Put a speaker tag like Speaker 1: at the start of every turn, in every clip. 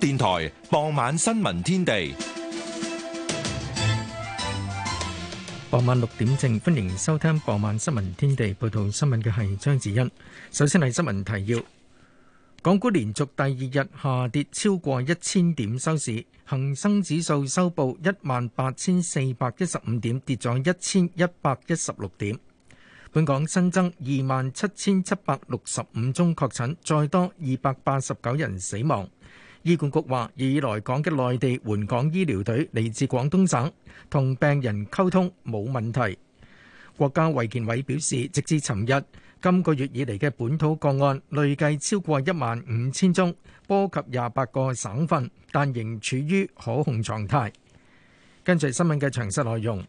Speaker 1: 電台傍晚新聞天地，傍
Speaker 2: 晚六點正，歡迎收聽傍晚新聞天地。報道新聞嘅係張子欣。首先係新聞提要：港股連續第二日下跌，超過一千點收市。恒生指數收報一萬八千四百一十五點，跌咗一千一百一十六點。本港新增二萬七千七百六十五宗確診，再多二百八十九人死亡。醫管局話，以來港嘅內地援港醫療隊嚟自廣東省，同病人溝通冇問題。國家衛健委表示，直至尋日，今個月以嚟嘅本土個案累計超過一萬五千宗，波及廿八個省份，但仍處於可控狀態。跟住新聞嘅詳細內容，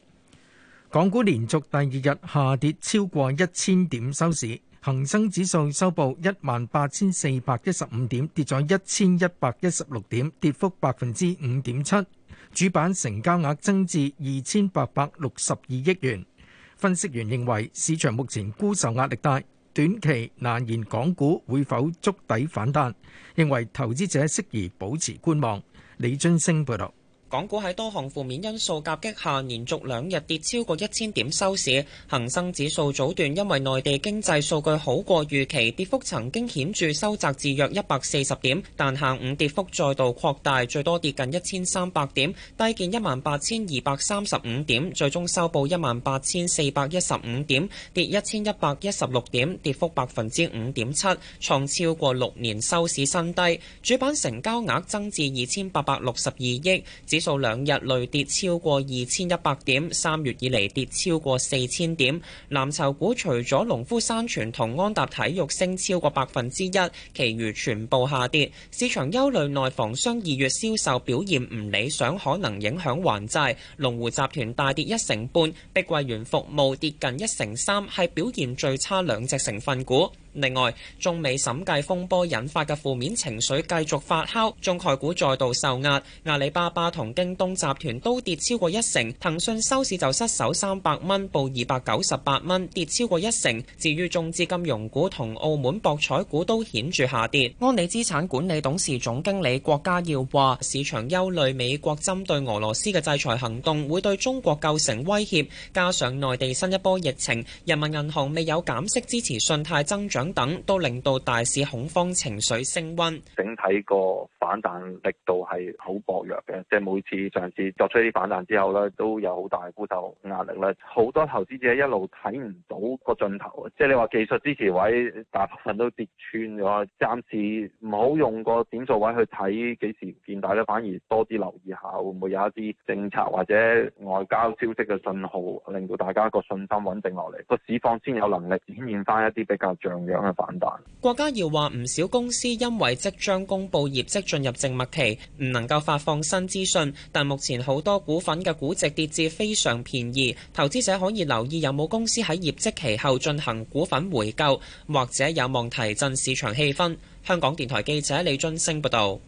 Speaker 2: 港股連續第二日下跌，超過一千點收市。恒生指數收報一萬八千四百一十五點，跌咗一千一百一十六點，跌幅百分之五點七。主板成交額增至二千八百六十二億元。分析員認為，市場目前沽售壓力大，短期難言港股會否觸底反彈，認為投資者適宜保持觀望。李津升報道。
Speaker 3: 港股喺多項負面因素夾擊下，連續兩日跌超過一千點收市。恒生指數早段因為內地經濟數據好過預期，跌幅曾經顯著收窄至約一百四十點，但下午跌幅再度擴大，最多跌近一千三百點，低見一萬八千二百三十五點，最終收報一萬八千四百一十五點，跌一千一百一十六點，跌幅百分之五點七，創超過六年收市新低。主板成交額增至二千八百六十二億，數兩日累跌超過二千一百點，三月以嚟跌超過四千點。藍籌股除咗農夫山泉同安踏體育升超過百分之一，其餘全部下跌。市場憂慮內房商二月銷售表現唔理想，可能影響還債。龍湖集團大跌一成半，碧桂園服務跌近一成三，係表現最差兩隻成分股。另外，中美審計風波引發嘅負面情緒繼續發酵，中概股再度受壓，阿里巴巴同京東集團都跌超過一成，騰訊收市就失守三百蚊，報二百九十八蚊，跌超過一成。至於中資金融股同澳門博彩股都顯著下跌。安理資產管理董事總經理郭家耀話市場憂慮美國針對俄羅斯嘅制裁行動會對中國構成威脅，加上內地新一波疫情，人民銀行未有減息支持信貸增長。等等都令到大市恐慌情緒升溫，
Speaker 4: 整體個反彈力度係好薄弱嘅，即係每次嘗試作出啲反彈之後咧，都有好大沽售壓力啦，好多投資者一路睇唔到個盡頭，即係你話技術支持位大部分都跌穿咗，暫時唔好用，用個點數位去睇幾時見底咧，反而多啲留意下會唔會有一啲政策或者外交消息嘅信號令到大家個信心穩定落嚟，個市況先有能力顯現翻一啲比較像嘅。
Speaker 3: 國家要話唔少公司，因為即將公布業績進入靜默期，唔能夠發放新資訊。但目前好多股份嘅估值跌至非常便宜，投資者可以留意有冇公司喺業績期後進行股份回購，或者有望提振市場氣氛。香港電台記者李俊升報道。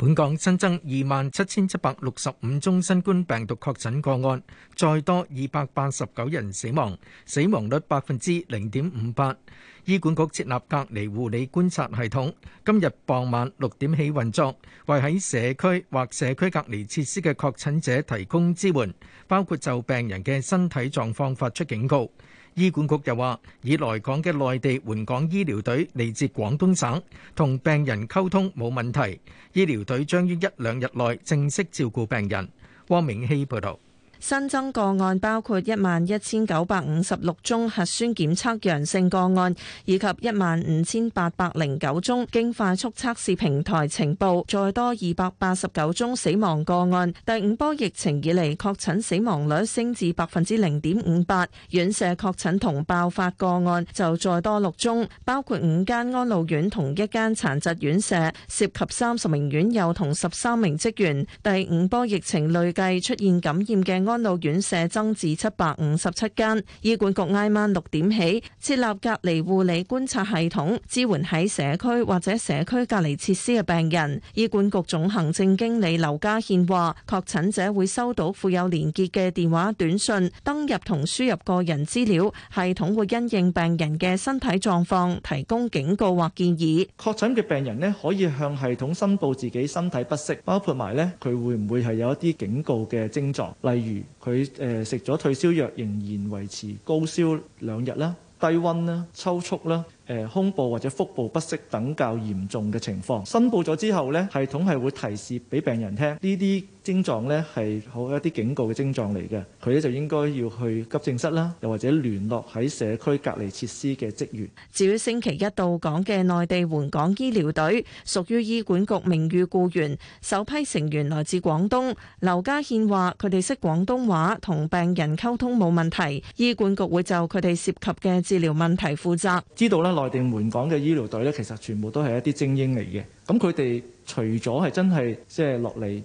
Speaker 2: 本港新增二萬七千七百六十五宗新冠病毒確診個案，再多二百八十九人死亡，死亡率百分之零點五八。醫管局設立隔離護理觀察系統，今日傍晚六點起運作，為喺社區或社區隔離設施嘅確診者提供支援，包括就病人嘅身體狀況發出警告。醫管局又話，以來港嘅內地援港醫療隊嚟自廣東省，同病人溝通冇問題，醫療隊將於一兩日內正式照顧病人。汪明希報導。
Speaker 5: 新增個案包括一萬一千九百五十六宗核酸檢測陽性個案，以及一萬五千八百零九宗經快速測試平台呈報，再多二百八十九宗死亡個案。第五波疫情以嚟，確診死亡率升至百分之零點五八。院舍確診同爆發個案就再多六宗，包括五間安老院同一間殘疾院舍，涉及三十名院友同十三名職員，第五波疫情累計出現感染嘅。安老院舍增至七百五十七間，醫管局挨晚六點起設立隔離護理觀察系統，支援喺社區或者社區隔離設施嘅病人。醫管局總行政經理劉家憲話，確診者會收到附有連結嘅電話短信，登入同輸入個人資料，系統會因應病人嘅身體狀況提供警告或建議。
Speaker 1: 確診嘅病人咧，可以向系統申報自己身體不適，包括埋咧佢會唔會係有一啲警告嘅症狀，例如。佢誒、呃、食咗退燒藥，仍然維持高燒兩日啦，低溫啦，抽搐啦，誒胸部或者腹部不適等較嚴重嘅情況，申報咗之後，呢系統係會提示俾病人聽呢啲症狀呢係好一啲警告嘅症狀嚟嘅，佢呢就應該要去急
Speaker 5: 症室啦，又或者聯絡喺社區隔離設施嘅職員。至於星期一到港嘅內地援港醫療隊，屬於醫管局名譽雇員，首批成員來自廣東。劉家憲話：佢哋識廣東話，同病人溝通冇問題。醫管局會就佢哋涉及嘅治療問題負責。
Speaker 1: 知道呢，內地援港嘅醫療隊呢，其實全部都係一啲精英嚟嘅。咁佢哋除咗係真係即係落嚟誒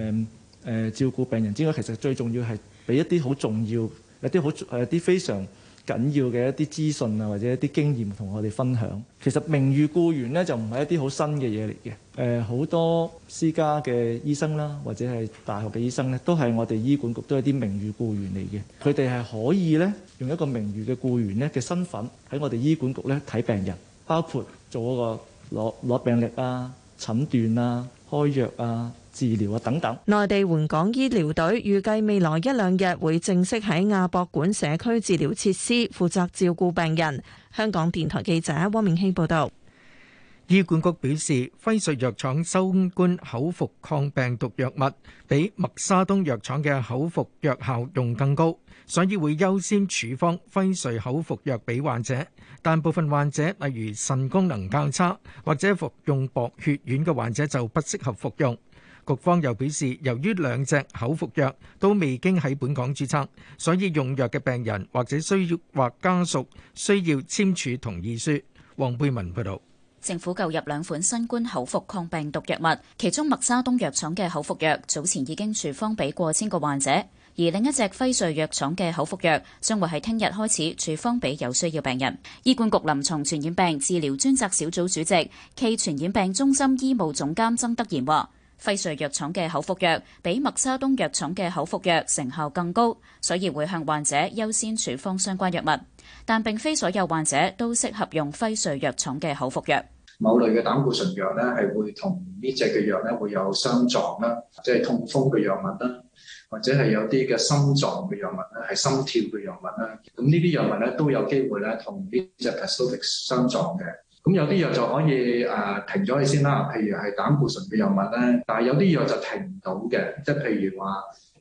Speaker 1: 誒誒照顧病人之外，其實最重要係俾一啲好重要、一啲好誒啲非常緊要嘅一啲資訊啊，或者一啲經驗同我哋分享。其實名譽僱員咧就唔係一啲好新嘅嘢嚟嘅。誒好多私家嘅醫生啦，或者係大學嘅醫生咧，都係我哋醫管局都係啲名譽僱員嚟嘅。佢哋係可以咧用一個名譽嘅僱員咧嘅身份喺我哋醫管局咧睇病人，包括
Speaker 5: 做一個。攞攞病歷啊、診斷啊、開藥啊、治療啊等等。內地援港醫療隊預計未來一兩日會正式喺亞博館社區治療設施負責照顧病人。香港電台記者汪明希報導。
Speaker 2: 醫管局表示，輝瑞藥廠收官口服抗病毒藥物比默沙東藥廠嘅口服藥效用更高，所以會優先處方輝瑞口服藥俾患者。但部分患者，例如腎功能較差或者服用薄血丸嘅患者就不適合服用。局方又表示，由於兩隻口服藥都未經喺本港註冊，所以用藥嘅病人或者需要或家屬需要簽署同意書。黃佩文報導。
Speaker 6: 政府購入兩款新冠口服抗病毒藥物，其中默沙東藥廠嘅口服藥早前已經處方俾過千個患者。而另一隻輝瑞藥廠嘅口服藥將會喺聽日開始處方俾有需要病人。醫管局臨牀傳染病治療專責小組主席、暨傳染病中心醫務總監曾德賢話，輝瑞藥廠嘅口服藥比默沙東藥廠嘅口服藥成效更高，所以會向患者優先處方相關藥物。但並非所有患者都適合用輝瑞藥廠嘅口服藥。
Speaker 2: 某類嘅膽固醇藥咧，係會同呢隻嘅藥咧會有相撞啦，即係痛風嘅藥物啦。或者係有啲嘅心臟嘅藥物咧，係心跳嘅
Speaker 4: 藥
Speaker 1: 物啦，咁呢啲藥物咧都有機
Speaker 4: 會咧同呢隻 p e s t o t i
Speaker 1: c 相撞嘅，咁有啲藥就可以誒、呃、停咗佢先啦，譬如係膽固醇嘅藥物咧，但係有啲藥就停唔到嘅，即係譬如話。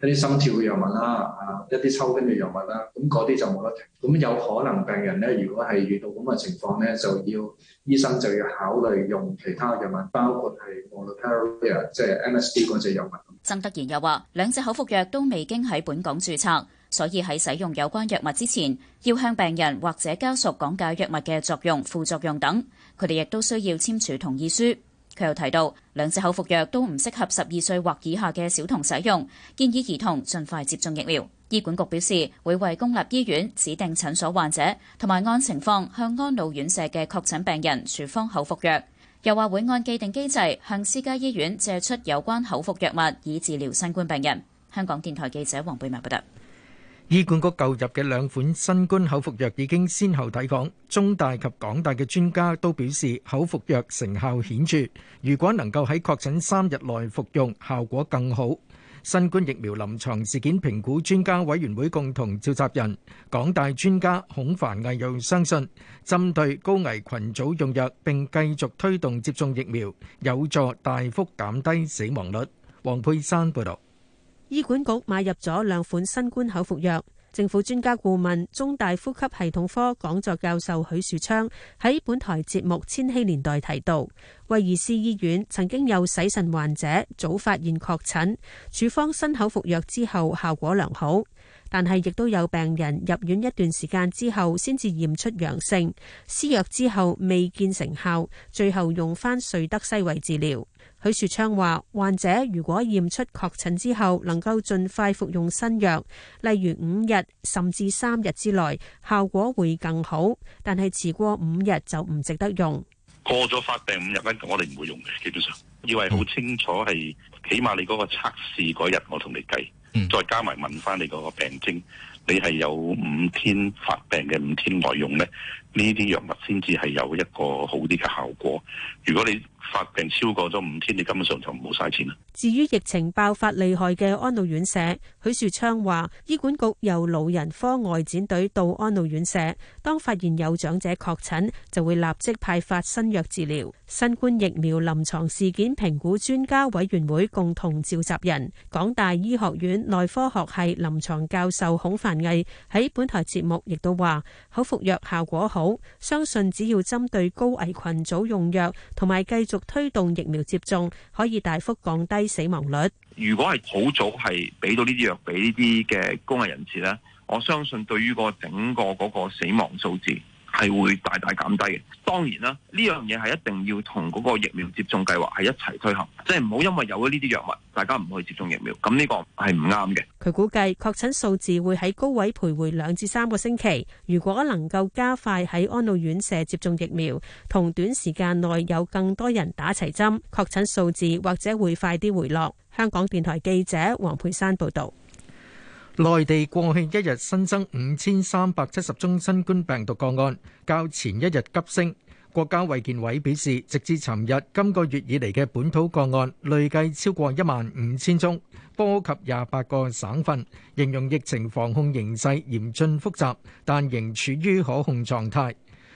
Speaker 1: 一啲心跳嘅藥物啦，啊，一啲抽筋嘅藥物啦，咁
Speaker 7: 嗰啲就冇得停。咁有可能病人咧，如果係遇到咁嘅情況咧，就要醫
Speaker 8: 生就要考慮用其他藥物，包括係 montelukast 即係 MSD 嗰隻藥
Speaker 6: 物。曾德賢又話：兩隻口服藥都未經喺本港註冊，所以喺使用有關藥物之前，要向病人或者家屬講解藥物嘅作用、副作用等，佢哋亦都需要簽署同意書。佢又提到，兩隻口服藥都唔適合十二歲或以下嘅小童使用，建議兒童盡快接種疫苗。醫管局表示，會為公立醫院指定診所患者，同埋按情況向安老院舍嘅確診病人處方口服藥，又話會按既定機制向私家醫院借出有關口服藥物以治療新冠病人。香港電台記者黃貝文報道。
Speaker 2: 醫管局購入嘅兩款新冠口服藥已經先後抵港，中大及港大嘅專家都表示口服藥成效顯著，如果能夠喺確診三日內服用，效果更好。新冠疫苗臨床事件評估專家委員會共同召集人港大專家孔繁毅又相信，針對高危羣組用藥並繼續推動接種疫苗，有助大幅減低死亡率。黃佩珊報道。
Speaker 9: 醫管局買入咗兩款新冠口服藥。政府專家顧問、中大呼吸系統科講座教授許樹昌喺本台節目《千禧年代》提到，威爾斯醫院曾經有洗腎患者早發現確診，處方新口服藥之後效果良好，但係亦都有病人入院一段時間之後先至驗出陽性，施藥之後未見成效，最後用返瑞德西韋治療。許樹昌話：患者如果驗出確診之後，能夠盡快服用新藥，例如五日甚至三日之內，效果會更好。但係遲過五日就唔值得用。
Speaker 4: 過咗發病五日咧，我哋唔會用嘅。基本上，以為好清楚係，起碼你嗰個測試嗰日，我同你計，再加埋問翻你嗰個病徵，你係有五天發病嘅五天內用咧。呢啲藥物先至係有一個好啲嘅效果。如果你發病超過咗五天，你根本上就唔好嘥錢啦。
Speaker 9: 至於疫情爆發厲害嘅安老院舍，許樹昌話：醫管局由老人科外展隊到安老院舍，當發現有長者確診，就會立即派發新藥治療。新冠疫苗臨床事件評估專家委員會共同召集人、港大醫學院內科學系臨床教授孔凡毅喺本台節目亦都話：口服藥效果好。相信只要針對高危群組用藥，同埋繼續推動疫苗接種，可以大幅降低死亡率。
Speaker 4: 如果係好早係俾到呢啲藥俾呢啲嘅高危人士咧，我相信對於個整個嗰個死亡數字。係會大大減低嘅。當然啦，呢樣嘢係一定要同嗰個疫苗接種計劃係一齊推行，即係唔好因為有咗呢啲藥物，大家唔可以接種疫苗。咁呢個係唔啱嘅。
Speaker 9: 佢估計確診數字會喺高位徘徊兩至三個星期。如果能夠加快喺安老院舍接種疫苗，同短時間內有更多人打齊針，確診數字或者會快啲回落。香港
Speaker 2: 電台記者黃培山報導。內地過去一日新增五千三百七十宗新冠病毒個案，較前一日急升。國家衛健委表示，直至尋日，今個月以嚟嘅本土個案累計超過一萬五千宗，波及廿八個省份，形容疫情防控形勢嚴峻複雜，但仍處於可控狀態。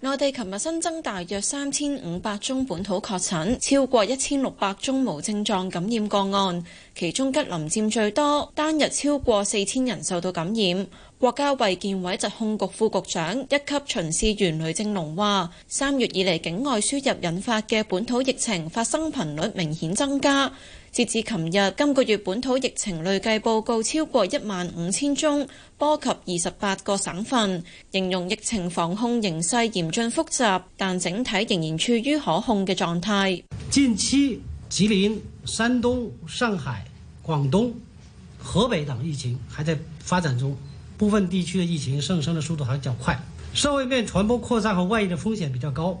Speaker 10: 內地琴日新增大約三千五百宗本土確診，超過一千六百宗無症狀感染個案，其中吉林佔最多，單日超過四千人受到感染。國家衛健委疾控局副局長、一級巡視員雷正龍話：三月以嚟境外輸入引發嘅本土疫情發生頻率明顯增加。截至琴日，今個月本土疫情累計報告超過一萬五千宗，波及二十八個省份。形容疫情防控形勢嚴峻複雜，但整體仍然處於可控嘅狀態。
Speaker 3: 近期吉林、山東、上海、廣東、河北等疫情還在發展中，部分地區嘅疫情上升嘅速度還較快，社會面傳播擴散和外溢嘅風險比較高。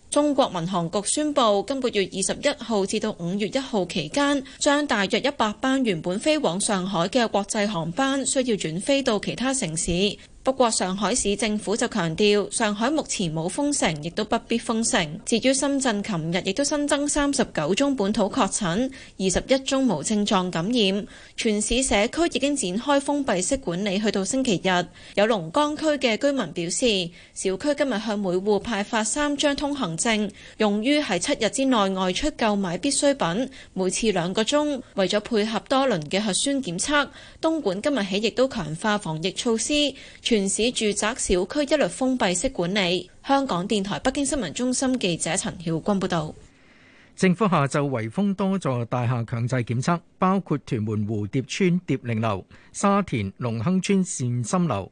Speaker 10: 中國民航局宣布，今個月二十一號至到五月一號期間，將大約一百班原本飛往上海嘅國際航班需要轉飛到其他城市。不過，上海市政府就強調，上海目前冇封城，亦都不必封城。至於深圳，琴日亦都新增三十九宗本土確診，二十一宗無症狀感染，全市社區已經展開封閉式管理，去到星期日。有龍崗區嘅居民表示，小區今日向每戶派發三張通行。正用於喺七日之內外出購買必需品，每次兩個鐘。為咗配合多輪嘅核酸檢測，東莞今日起亦都強化防疫措施，全市住宅小區一律封閉式管理。香港電台北京新聞中心記者陳曉君報道。
Speaker 2: 政府下晝圍封多座大廈強制檢測，包括屯門蝴蝶村蝶靈樓、沙田龍亨村善心樓。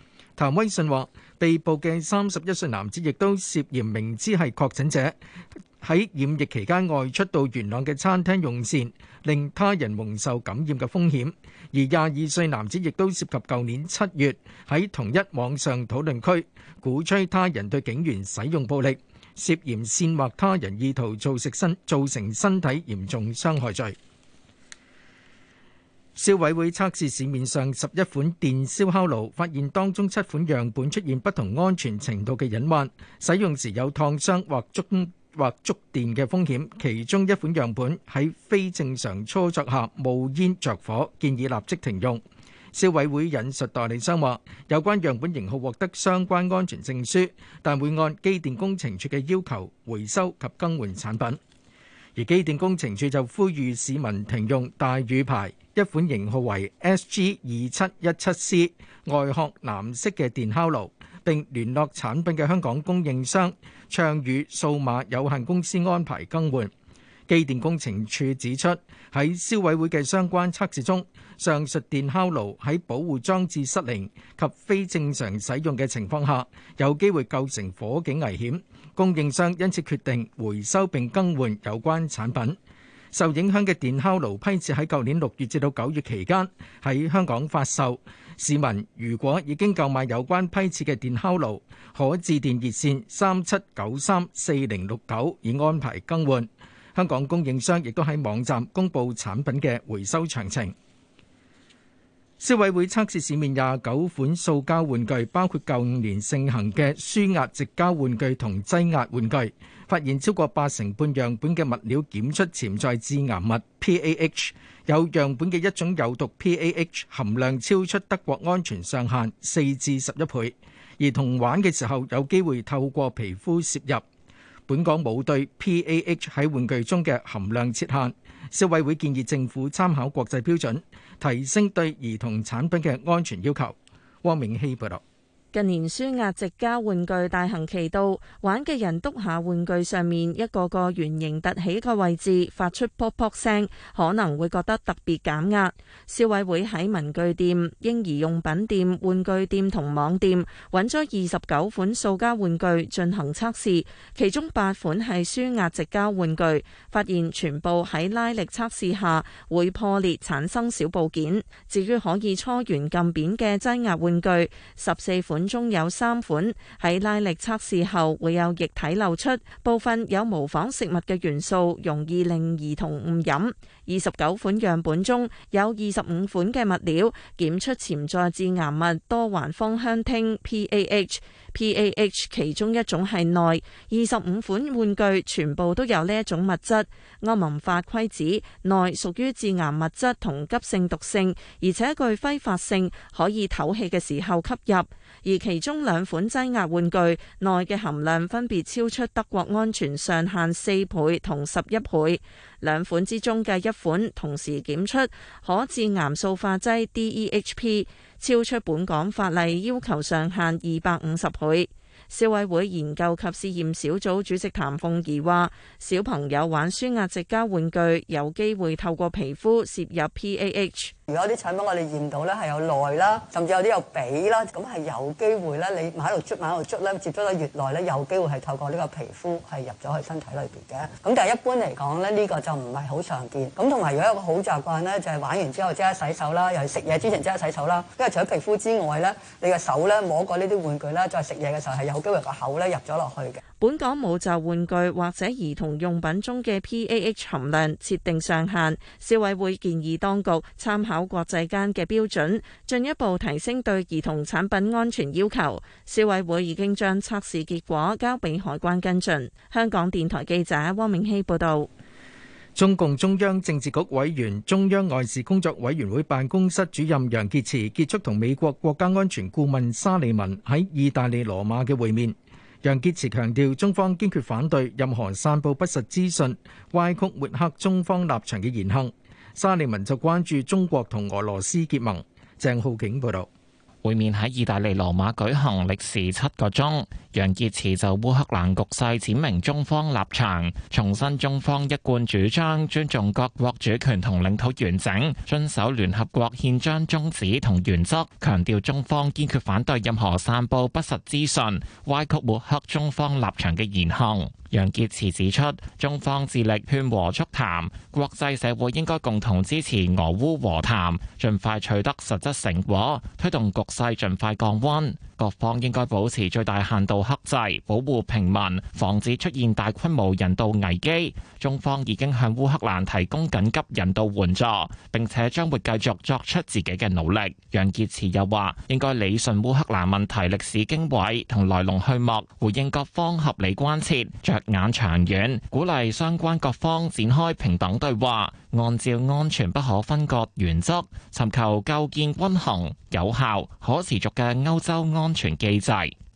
Speaker 2: 譚威信話：被捕嘅三十一歲男子亦都涉嫌明知係確診者喺染疫期間外出到元朗嘅餐廳用膳，令他人蒙受感染嘅風險。而廿二歲男子亦都涉及舊年七月喺同一網上討論區鼓吹他人對警員使用暴力，涉嫌煽惑他人意圖造成身造成身體嚴重傷害罪。消委會測試市面上十一款電燒烤爐，發現當中七款樣本出現不同安全程度嘅隱患，使用時有燙傷或觸或觸電嘅風險。其中一款樣本喺非正常操作下冒煙着火，建議立即停用。消委會引述代理商話，有關樣本型號獲得相關安全證書，但會按機電工程處嘅要求回收及更換產品。而機電工程署就呼籲市民停用大宇牌，一款型號為 SG 二七一七 C 外殼藍色嘅電烤爐，並聯絡產品嘅香港供應商暢宇數碼有限公司安排更換。機電工程署指出，喺消委會嘅相關測試中，上述電烤爐喺保護裝置失靈及非正常使用嘅情況下，有機會構成火警危險。供應商因此決定回收並更換有關產品。受影響嘅電烤爐批次喺舊年六月至到九月期間喺香港發售。市民如果已經購買有關批次嘅電烤爐，可致電熱線三七九三四零六九以安排更換。香港供應商亦都喺網站公布產品嘅回收詳情。消委會測試市面廿九款塑膠玩具，包括舊年盛行嘅舒壓直膠玩具同擠壓玩具，發現超過八成半樣本嘅物料檢出潛在致癌物 PAH，有樣本嘅一種有毒 PAH 含量超出德國安全上限四至十一倍，兒童玩嘅時候有機會透過皮膚攝入。本港冇對 PAH 喺玩具中嘅含量設限，消委會建議政府參考國際標準，提升對兒童產品嘅安全要求。汪明希報道。
Speaker 5: 近年舒壓直膠玩具大行其道，玩嘅人篤下玩具上面一個個圓形凸起嘅位置，發出噗噗聲，可能會覺得特別減壓。消委會喺文具店、嬰兒用品店、玩具店同網店揾咗二十九款塑膠玩具進行測試，其中八款係舒壓直膠玩具，發現全部喺拉力測試下會破裂產生小部件。至於可以搓圓撳扁嘅擠壓玩具，十四款中有三款喺拉力測試後會有液體漏出，部分有模仿食物嘅元素，容易令兒童誤飲。二十九款樣本中有二十五款嘅物料檢出潛在致癌物多環芳香烴 （PAH）。PAH 其中一種係內二十五款玩具全部都有呢一種物質。歐盟法規指內屬於致癌物質同急性毒性，而且具揮發性，可以唞氣嘅時候吸入。而其中兩款擠壓玩具內嘅含量分別超出德國安全上限四倍同十一倍。兩款之中嘅一款同時檢出可致癌塑化劑 DEHP。超出本港法例要求上限二百五十倍。消委會研究及試驗小組主席譚鳳儀話：小朋友玩舒壓積膠玩具，有機會透過皮膚攝入 PAH。如果啲產品我哋驗到咧係有耐啦，甚至有啲有髀啦，咁係有機會咧，你買嚟捽買嚟捽咧，接觸得越耐咧，有機會係透過呢個皮膚係入咗去身體裏邊嘅。咁但係一般嚟講咧，呢、呢個就唔係好常見。咁同埋如果有個好習慣咧，就係、係、玩完之後即刻洗手啦，又係食嘢之前即刻洗手啦。因為除咗皮膚之外咧，你嘅手咧摸過呢啲玩具啦，再食嘢嘅時候係有機會個口咧入咗落去嘅。本港冇就玩具或者兒童用品中嘅 PAH 含量設定上限，消委會建議當局參考。考國際間嘅標準，進一步提升對兒童產品安全要求。消委會已經將測試結果交俾海關跟進。香港電台記者汪明熙報道。
Speaker 2: 中共中央政治局委員、中央外事工作委員會辦公室主任楊潔篪結束同美國國家安全顧問沙利文喺意大利羅馬嘅會面。楊潔篪強調，中方堅決反對任何散佈不實資訊、歪曲抹黑中方立場嘅言行。沙利文就關注中國同俄羅斯結盟。鄭浩景報道：
Speaker 11: 「會面喺意大利羅馬舉行，歷時七個鐘。楊潔篪就烏克蘭局勢闡明中方立場，重申中方一貫主張尊重各國主權同領土完整，遵守聯合國憲章宗旨同原則，強調中方堅決反對任何散布不實資訊、歪曲抹黑中方立場嘅言行。楊潔篪指出，中方致力勸和促談，國際社會應該共同支持俄烏和談，盡快取得實質成果，推動局勢盡快降温。各方應該保持最大限度克制，保護平民，防止出現大規模人道危機。中方已經向烏克蘭提供緊急人道援助，並且將會繼續作出自己嘅努力。楊潔篪又話，應該理順烏克蘭問題歷史經緯同來龍去脈，回應各方合理關切，着眼長遠，鼓勵相關各方展開平等對話，按照安全不可分割原則，尋求構建均衡、有效、可持續嘅歐洲安全機制。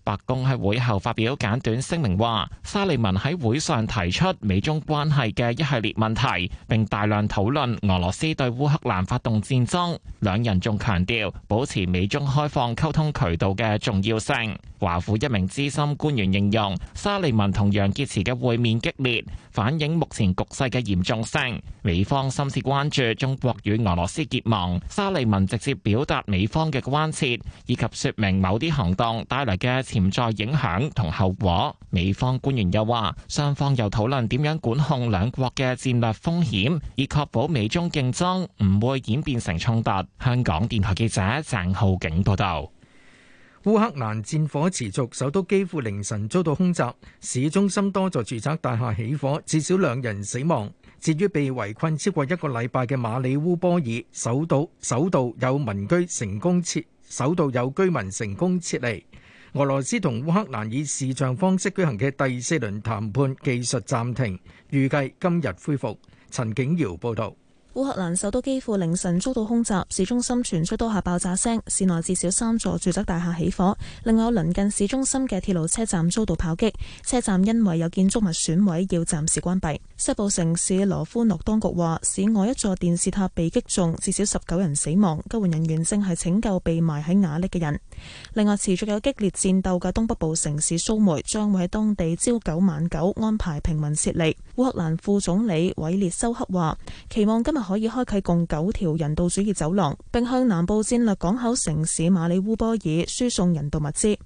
Speaker 11: 白宮喺會後發表簡短聲明話，沙利文喺會上提出美中關係嘅一系列問題，並大量討論俄羅斯對烏克蘭發動戰爭。兩人仲強調保持美中開放溝通渠道嘅重要性。華府一名資深官員形容沙利文同楊潔篪嘅會面激烈，反映目前局勢嘅嚴重性。美方深切關注中國與俄羅斯結盟，沙利文直接表達美方嘅關切，以及説明某啲行動帶來嘅潛在影響同後果。美方官員又話，雙方又討論點樣管控兩國嘅戰略風險，以確保美中競爭唔會演變成衝突。香港電台記者鄭浩
Speaker 2: 景報道。烏克蘭戰火持續，首都幾乎凌晨遭到空襲，市中心多座住宅大廈起火，至少兩人死亡。至於被圍困超過一個禮拜嘅馬里烏波爾，首度首度有民居成功撤，首度有居民成功撤離。俄羅斯同烏克蘭以視像方式舉行嘅第四輪談判技術暫停，預計今日恢復。陳景堯報道。
Speaker 12: 烏克蘭首都幾乎凌晨遭到空襲，市中心傳出多下爆炸聲，市內至少三座住宅大廈起火，另外鄰近市中心嘅鐵路車站遭到炮擊，車站因為有建築物損毀要暫時關閉。西部城市羅夫諾當局話，市外一座電視塔被擊中，至少十九人死亡，救援人員正係拯救被埋喺瓦礫嘅人。另外，持續有激烈戰鬥嘅東北部城市蘇梅將會喺當地朝九晚九安排平民撤離。烏克蘭副總理韋列修克話：期望今日。可以開啟共九條人道主義走廊，並向南部戰略港口城市馬里烏波爾輸送人道物資。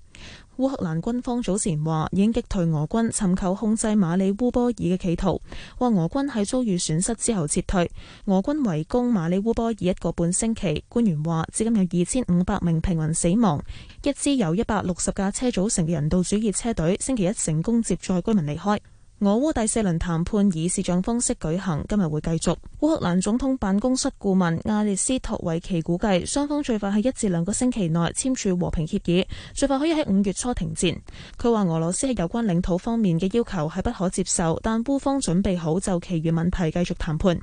Speaker 12: 烏克蘭軍方早前話已經擊退俄軍尋求控制馬里烏波爾嘅企圖，話俄軍喺遭遇損失之後撤退。俄軍圍攻馬里烏波爾一個半星期，官員話至今有二千五百名平民死亡。一支由一百六十架車組成嘅人道主義車隊星期一成功接載居民離開。俄烏第四輪談判以視像方式舉行，今日會繼續。烏克蘭總統辦公室顧問亞列斯托維奇估計，雙方最快喺一至兩個星期內簽署和平協議，最快可以喺五月初停戰。佢話：俄羅斯喺有關領土方面嘅要求係不可接受，但烏方準備好就其餘問題繼續談判。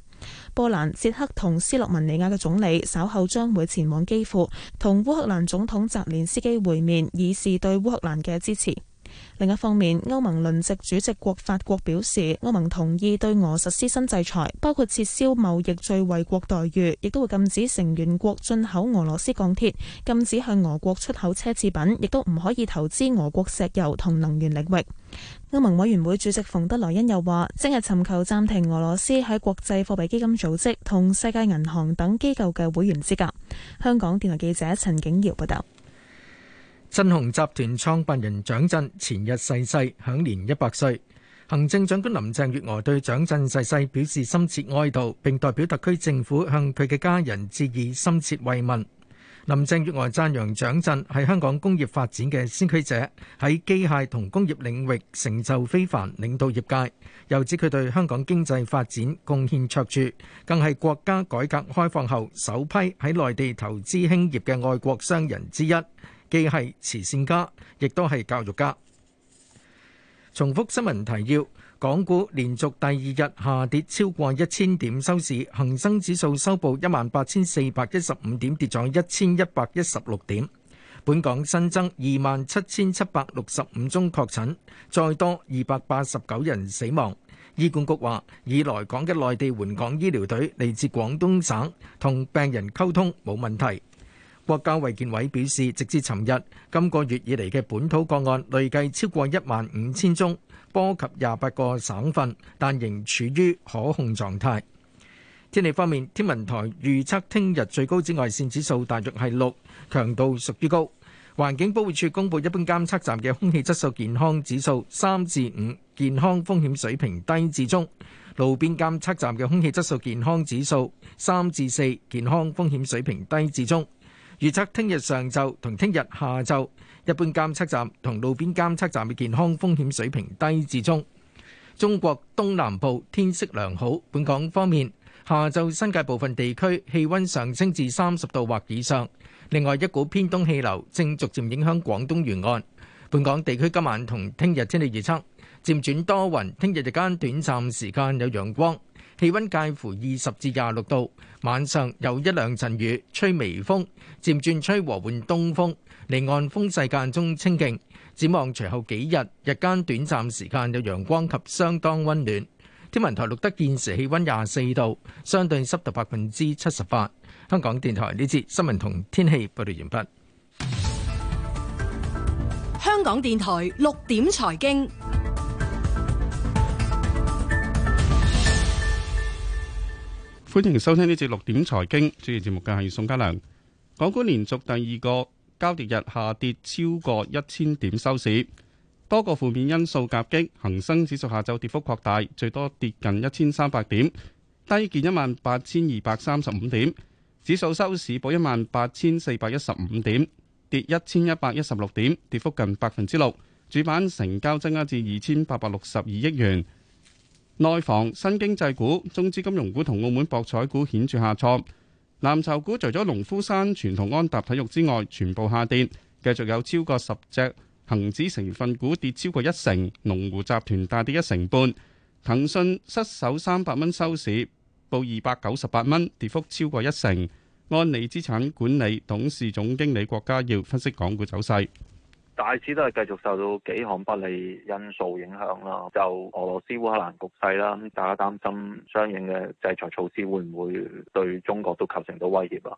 Speaker 12: 波蘭、捷克同斯洛文尼亞嘅總理稍後將會前往基輔，同烏克蘭總統澤連斯基會面，以示對烏克蘭嘅支持。另一方面，歐盟輪值主席國法國表示，歐盟同意對俄實施新制裁，包括撤銷貿易最惠國待遇，亦都會禁止成員國進口俄羅斯鋼鐵，禁止向俄國出口奢侈品，亦都唔可以投資俄國石油同能源領域。歐盟委員會主席馮德萊恩又話，正係尋求暫停俄羅斯喺國際貨幣基金組織同世界銀行等機構嘅會員資格。香港電台記者陳景堯報道。
Speaker 2: 震雄集團創辦人蔣震前日逝世，世，享年一百歲。行政長官林鄭月娥對蔣震逝世，世表示深切哀悼，並代表特區政府向佢嘅家人致以深切慰問。林鄭月娥讚揚蔣震係香港工業發展嘅先驅者，喺機械同工業領域成就非凡，領導業界。又指佢對香港經濟發展貢獻卓著，更係國家改革開放後首批喺內地投資興業嘅外國商人之一。既係慈善家，亦都係教育家。重複新聞提要：港股連續第二日下跌超過一千點收市，恒生指數收報一萬八千四百一十五點，跌咗一千一百一十六點。本港新增二萬七千七百六十五宗確診，再多二百八十九人死亡。醫管局話，已來港嘅內地援港醫療隊嚟自廣東省，同病人溝通冇問題。國家衛健委表示，直至尋日，今個月以嚟嘅本土個案累計超過一萬五千宗，波及廿八個省份，但仍處於可控狀態。天氣方面，天文台預測聽日最高紫外線指數大約係六，強度屬於高。環境保護署公布一般監測站嘅空氣質素健康指數三至五，5, 健康風險水平低至中；路邊監測站嘅空氣質素健康指數三至四，4, 健康風險水平低至中。預測聽日上晝同聽日下晝，一般監測站同路邊監測站嘅健康風險水平低至中。中國東南部天色良好，本港方面下晝新界部分地區氣温上升至三十度或以上。另外一股偏東氣流正逐漸影響廣東沿岸，本港地區今晚同聽日天氣預測漸轉多雲，聽日日間短暫時間有陽光。氣溫介乎二十至廿六度，晚上有一兩陣雨，吹微風，漸轉吹和緩東風，離岸風勢間中清勁。展望隨後幾日，日間短暫時間有陽光及相當溫暖。天文台錄得現時氣溫廿四度，相對濕度百分之七十八。香港電台呢節新聞同天氣報道完畢。
Speaker 9: 香港電台六點財經。
Speaker 8: 歡迎收聽呢節六點財經，主持節目嘅係宋家良。港股連續第二個交易日下跌超過一千點收市，多個負面因素夾擊，恒生指數下晝跌幅擴大，最多跌近一千三百點，低見一萬八千二百三十五點，指數收市報一萬八千四百一十五點，跌一千一百一十六點，跌幅近百分之六。主板成交增加至二千八百六十二億元。內房、新經濟股、中資金融股同澳門博彩股顯著下挫。藍籌股除咗農夫山泉同安踏體育之外，全部下跌。繼續有超過十隻恒指成分股跌超過一成，龍湖集團大跌一成半。騰訊失守三百蚊收市，報二百九十八蚊，跌幅超過一成。安利資產管理董事總經理郭家耀分析港股走勢。
Speaker 4: 大市都係繼續受到幾項不利因素影響啦，就俄羅斯、烏克蘭局勢啦，大家擔心相應嘅制裁措施會唔會對中國都構成到威脅啊。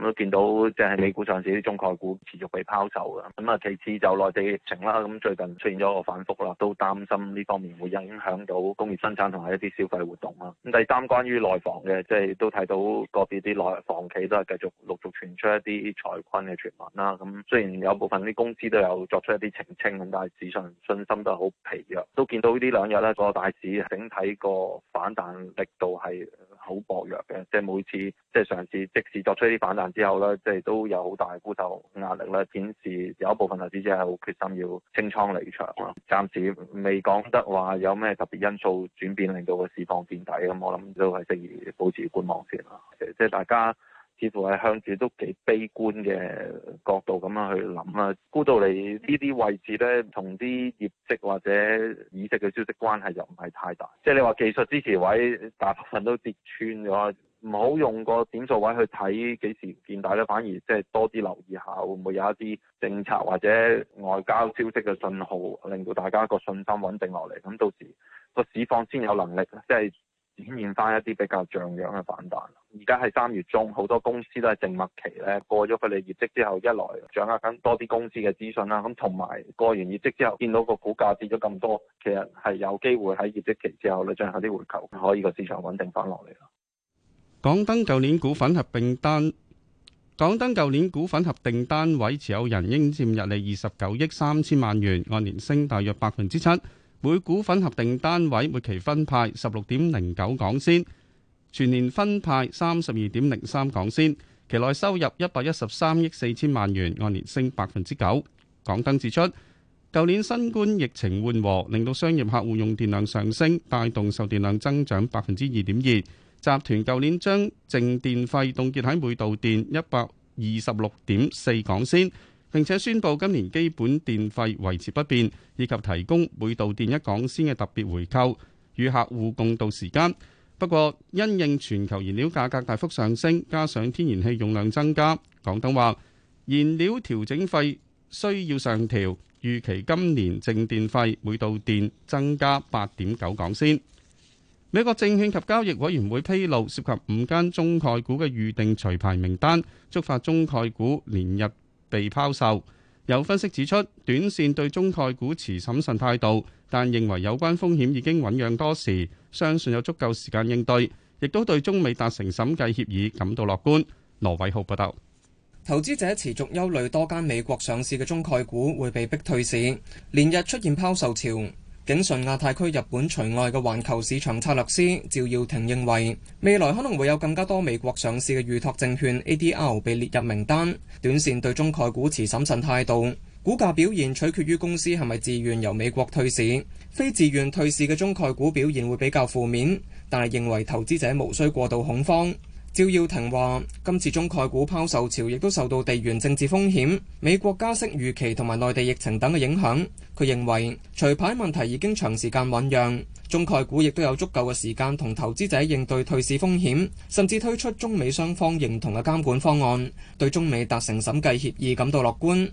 Speaker 4: 我都見到即係美股上市啲中概股持續被拋售嘅，咁啊其次就內地疫情啦，咁最近出現咗個反覆啦，都擔心呢方面會影響到工業生產同埋一啲消費活動啦。咁第三，關於內房嘅，即係都睇到個別啲內房企都係繼續陸續傳出一啲財困嘅傳聞啦。咁、嗯、雖然有部分啲公司都有作出一啲澄清，咁但係市場信心都係好疲弱。都見到呢兩日咧，個大市整體個反彈力度係好薄弱嘅，即係每次即係嘗試，即使作出一啲反彈之後咧，即係都有好大沽售壓力咧，顯示有一部分投資者係好決心要清倉離場啦。暫時未講得話有咩特別因素轉變令到個市況見底咁，我諗都係適宜保持觀望先啦。即係大家。似乎係向住都幾悲觀嘅角度咁樣去諗啊。估到嚟呢啲位置咧，同啲業績或者意識嘅消息關係就唔係太大。即係你話技術支持位，大部分都跌穿咗，唔好用個點數位去睇幾時見大咧。反而即係多啲留意下，會唔會有一啲政策或者外交消息嘅信號，令到大家個信心穩定落嚟。咁到時個市況先有能力即係。就是展現翻一啲比較像樣嘅反彈。而家係三月中，好多公司都係靜默期咧，過咗佢哋業績之後，一來掌握緊多啲公司嘅資訊啦，咁同埋過完業績之後，見到個股價跌咗咁多，其實係有機會喺業績期之後你進行啲回購，可以個市場穩定翻落嚟。
Speaker 8: 港燈舊年股份合訂單，港燈舊年股份合訂單位持有人應佔溢利二十九億三千萬元，按年升大約百分之七。每股份核定單位每期分派十六點零九港仙，全年分派三十二點零三港仙，期內收入一百一十三億四千萬元，按年升百分之九。港燈指出，舊年新冠疫情緩和，令到商業客戶用電量上升，帶動售電量增長百分之二點二。集團舊年將淨電費凍結喺每度電一百二十六點四港仙。並且宣布今年基本電費維持不變，以及提供每度電一港仙嘅特別回扣與客戶共度時間。不過，因應全球燃料價格大幅上升，加上天然氣用量增加，港燈話燃料調整費需要上調，預期今年淨電費每度電增加八點九港仙。美國證券及交易委員會披露涉及五間中概股嘅預定除牌名單，觸發中概股連日。被拋售，有分析指出，短線對中概股持審慎態度，但認為有關風險已經醞釀多時，相信有足夠時間應對，亦都對中美達成審計協議感到樂觀。羅偉浩報道，
Speaker 7: 投資者持續憂慮多間美國上市嘅中概股會被逼退市，連日出現拋售潮。景順亞太區日本除外嘅環球市場策略師趙耀庭認為，未來可能會有更加多美國上市嘅預託證券 ADR 被列入名單。短線對中概股持審慎態度，股價表現取決於公司係咪自願由美國退市，非自願退市嘅中概股表現會比較負面，但係認為投資者無需過度恐慌。趙耀廷話：今次中概股拋售潮亦都受到地緣政治風險、美國加息預期同埋內地疫情等嘅影響。佢認為，除牌問題已經長時間醞釀，中概股亦都有足夠嘅時間同投資者應對退市風險，甚至推出中美雙方認同嘅監管方案，對中美達成審計協議感到樂觀。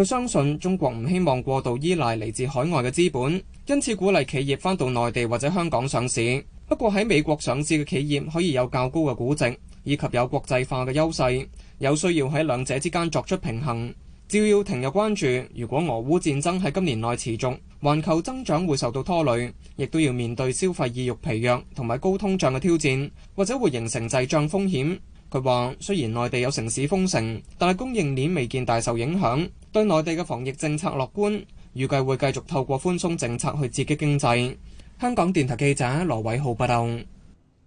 Speaker 7: 佢相信中國唔希望過度依賴嚟自海外嘅資本，因此鼓勵企業返到內地或者香港上市。不過喺美國上市嘅企業可以有較高嘅估值，以及有國際化嘅優勢。有需要喺兩者之間作出平衡。趙耀庭又關注，如果俄烏戰爭喺今年內持續，環球增長會受到拖累，亦都要面對消費意欲疲弱同埋高通脹嘅挑戰，或者會形成滯脹風險。佢話雖然內地有城市封城，但係供應鏈未見大受影響。對內地嘅防疫政策樂觀，預計會繼續透過寬鬆政策去刺激經濟。香港電台記者羅偉浩報道。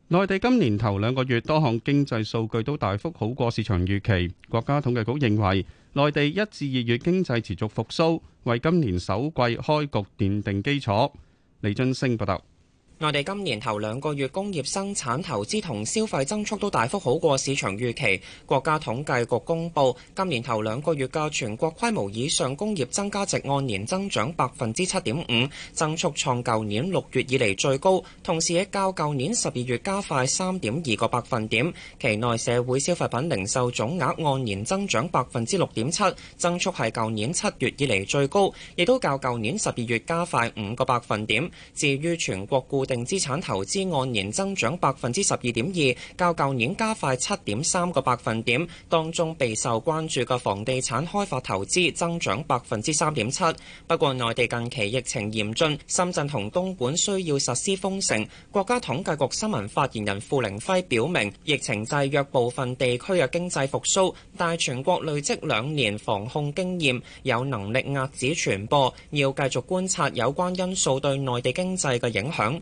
Speaker 8: 內地今年頭兩個月多項經濟數據都大幅好過市場預期，國家統計局認為內地一至二月經濟持續復甦，為今年首季開局奠定基礎。李津星報道。
Speaker 3: 內地今年頭兩個月工業生產投資同消費增速都大幅好過市場預期。國家統計局公布，今年頭兩個月嘅全國規模以上工業增加值按年增長百分之七點五，增速創舊年六月以嚟最高，同時亦較舊年十二月加快三點二個百分點。期內社會消費品零售總額按年增長百分之六點七，增速係舊年七月以嚟最高，亦都較舊年十二月加快五個百分點。至於全國固定資產投資按年增長百分之十二點二，較舊年加快七點三個百分點。當中備受關注嘅房地產開發投資增長百分之三點七。不過，內地近期疫情嚴峻，深圳同東莞需要實施封城。國家統計局新聞發言人付凌暉表明，疫情制約部分地區嘅經濟復甦，但全國累積兩年防控經驗，有能力遏止傳播。要繼續觀察有關因素對內地經濟嘅影響。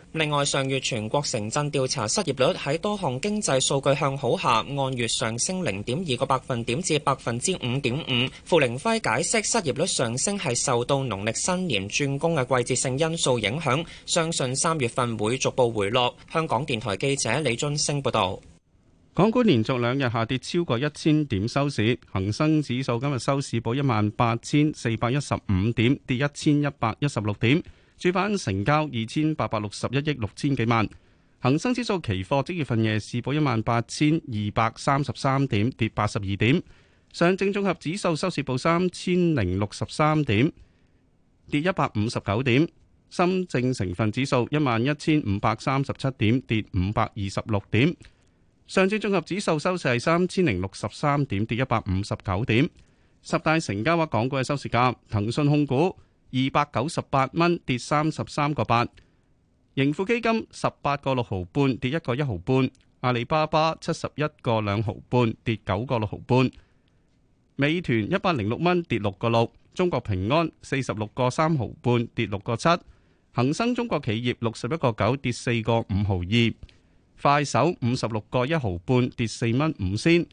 Speaker 3: 另外，上月全國城鎮調查失業率喺多項經濟數據向好下，按月上升零點二個百分點至百分之五點五。傅玲輝解釋，失業率上升係受到農曆新年轉工嘅季節性因素影響，相信三月份會逐步回落。香港電台記者李俊升報道，
Speaker 8: 港股連續兩日下跌超過一千點收市，恒生指數今日收市報一萬八千四百一十五點，跌一千一百一十六點。主板成交二千八百六十一億六千幾萬，恒生指數期貨即月份夜市報一萬八千二百三十三點，跌八十二點。上證綜合指數收市報三千零六十三點，跌一百五十九點。深證成分指數一萬一千五百三十七點，跌五百二十六點。上證綜合指數收市係三千零六十三點，跌一百五十九點。十大成交或港股嘅收市價，騰訊控股。二百九十八蚊跌三十三個八，盈富基金十八個六毫半跌一個一毫半，阿里巴巴七十一個兩毫半跌九個六毫半，美團一百零六蚊跌六個六，中國平安四十六個三毫半跌六個七，恒生中國企業六十一個九跌四個五毫二，快手五十六個一毫半跌四蚊五仙，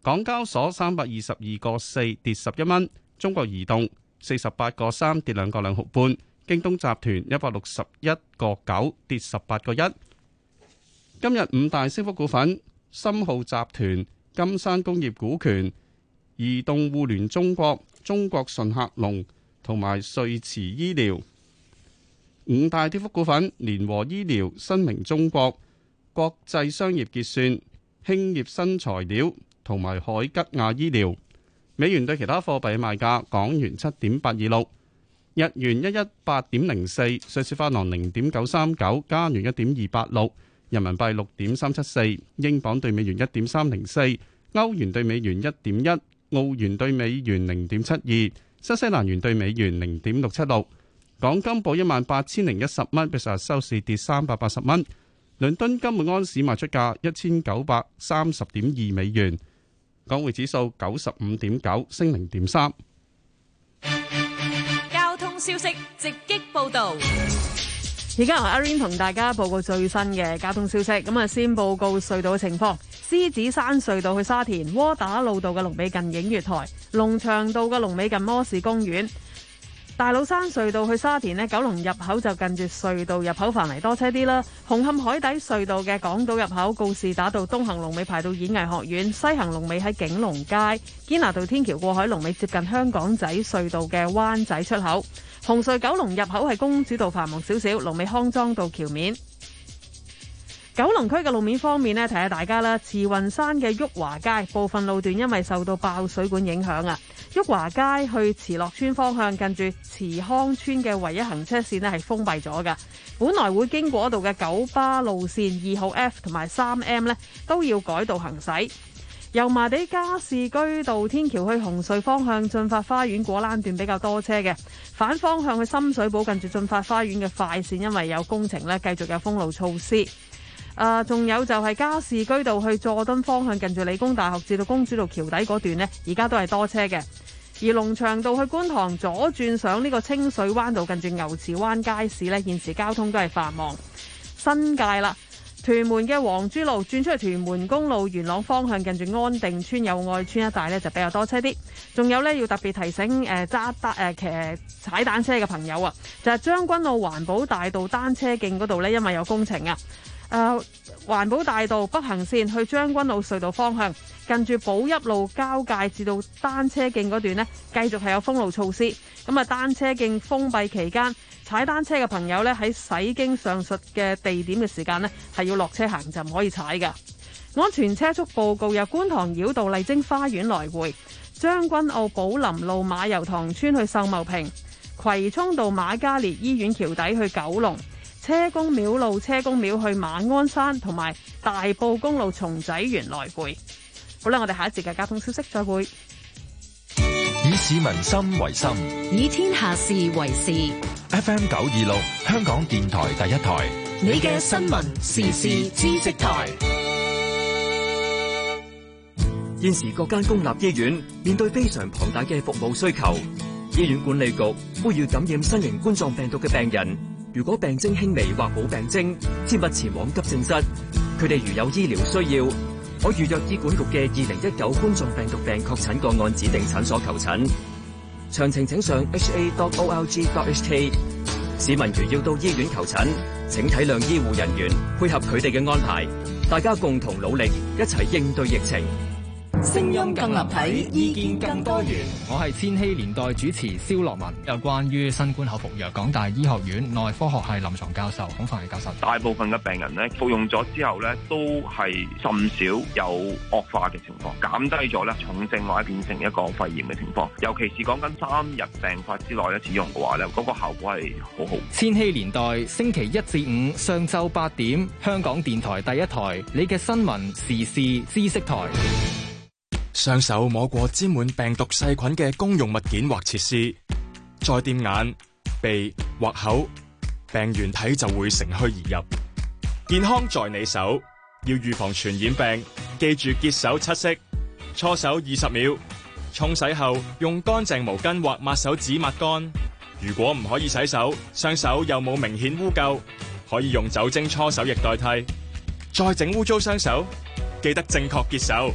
Speaker 8: 港交所三百二十二個四跌十一蚊，中國移動。四十八個三跌兩個兩毫半，京東集團一百六十一個九跌十八個一。今日五大升幅股份：深浩集團、金山工業股權、移動互聯中國、中國順客隆同埋瑞慈醫療。五大跌幅股份：聯和醫療、新明中國、國際商業結算、興業新材料同埋海吉亞醫療。美元對其他貨幣嘅賣價：港元七點八二六，日元一一八點零四，瑞士法郎零點九三九，加元一點二八六，人民幣六點三七四，英鎊對美元一點三零四，歐元對美元一點一，澳元對美元零點七二，新西蘭元對美元零點六七六。港金報一萬八千零一十蚊，比成日收市跌三百八十蚊。倫敦金本安市賣出價一千九百三十點二美元。港匯指數九十五點九升零點三。
Speaker 12: 交通消息直擊報道，
Speaker 13: 而家由阿 Rain 同大家報告最新嘅交通消息。咁啊，先報告隧道嘅情況：獅子山隧道去沙田窩打老道嘅龍尾近影月台，龍翔道嘅龍尾近摩士公園。大老山隧道去沙田呢，九龍入口就近住隧道入口範圍多車啲啦。紅磡海底隧道嘅港島入口告士打道東行龍尾排到演藝學院，西行龍尾喺景隆街堅拿道天橋過海龍尾接近香港仔隧道嘅灣仔出口。紅隧九龍入口係公主道繁忙少少，龍尾康莊道橋面。九龍區嘅路面方面呢，提下大家啦。慈雲山嘅旭華街部分路段，因為受到爆水管影響啊，旭華街去慈樂村方向，近住慈康村嘅唯一行車線呢係封閉咗嘅。本來會經過嗰度嘅九巴路線二號 F 同埋三 M 呢都要改道行駛。油麻地加士居道天橋去紅隧方向，駿發花園果欄段比較多車嘅，反方向去深水埗，近住駿發花園嘅快線，因為有工程咧，繼續有封路措施。啊！仲、呃、有就係加士居道去佐敦方向，近住理工大學至到公主道橋底嗰段呢，而家都係多車嘅。而龍翔道去觀塘左轉上呢個清水灣道，近住牛池灣街市呢，現時交通都係繁忙。新界啦，屯門嘅黃珠路轉出去屯門公路元朗方向，近住安定村、友愛村一帶呢，就比較多車啲。仲有呢，要特別提醒誒揸單誒騎踩單車嘅朋友啊，就係、是、將軍澳環保大道單車徑嗰度呢，因為有工程啊。誒、呃、環保大道北行線去將軍澳隧道方向，近住寶邑路交界至到單車徑嗰段呢，繼續係有封路措施。咁啊，單車徑封閉期間，踩單車嘅朋友呢，喺駛經上述嘅地點嘅時間呢，係要落車行就唔可以踩㗎。安全車速報告由觀塘繞道麗晶花園來回，將軍澳寶林路馬油塘村去秀茂坪，葵涌道瑪嘉烈醫院橋底去九龍。車公廟路、車公廟去馬鞍山，同埋大埔公路松仔園來回。好啦，我哋下一節嘅交通消息再會。
Speaker 4: 以市民心為心，
Speaker 13: 以天下事為事。
Speaker 4: FM 九二六，香港電台第一台，
Speaker 3: 你嘅新聞時事知識
Speaker 7: 台。現時各間公立醫院面對非常龐大嘅服務需求，醫院管理局呼籲感染新型冠狀病毒嘅病人。如果病徵輕微或冇病徵，切勿前往急症室。佢哋如有醫療需要，可預約醫管局嘅二零一九冠狀病毒病確診個案指定診所求診。詳情請上 ha.org.hk。市民如要到醫院求診，請體諒醫護人員配合佢哋嘅安排。大家共同努力，一齊應對疫情。聲音更立體，意見更多元。我係千禧年代主持蕭樂文。又關於新冠口服藥，港大醫學院內科學系臨牀教授孔繁毅教
Speaker 4: 授，大部分嘅病人咧服用咗之後咧，都係甚少有惡化嘅情況，減低咗咧重症或者變成一個肺炎嘅情況。尤其是講緊三日病發之內咧使用嘅話咧，嗰個效果係好好。
Speaker 7: 千禧年代星期一至五上晝八點，香港電台第一台你嘅新聞時事知識台。雙手摸過沾滿病毒細菌嘅公用物件或設施，再掂眼、鼻或口，病原體就會乘虛而入。健康在你手，要預防傳染病，記住潔手七式，搓手二十秒，沖洗後用乾淨毛巾或抹手紙抹乾。如果唔可以洗手，雙手又冇明顯污垢，可以用酒精搓手液代替。再整污糟雙手，記得正確潔手。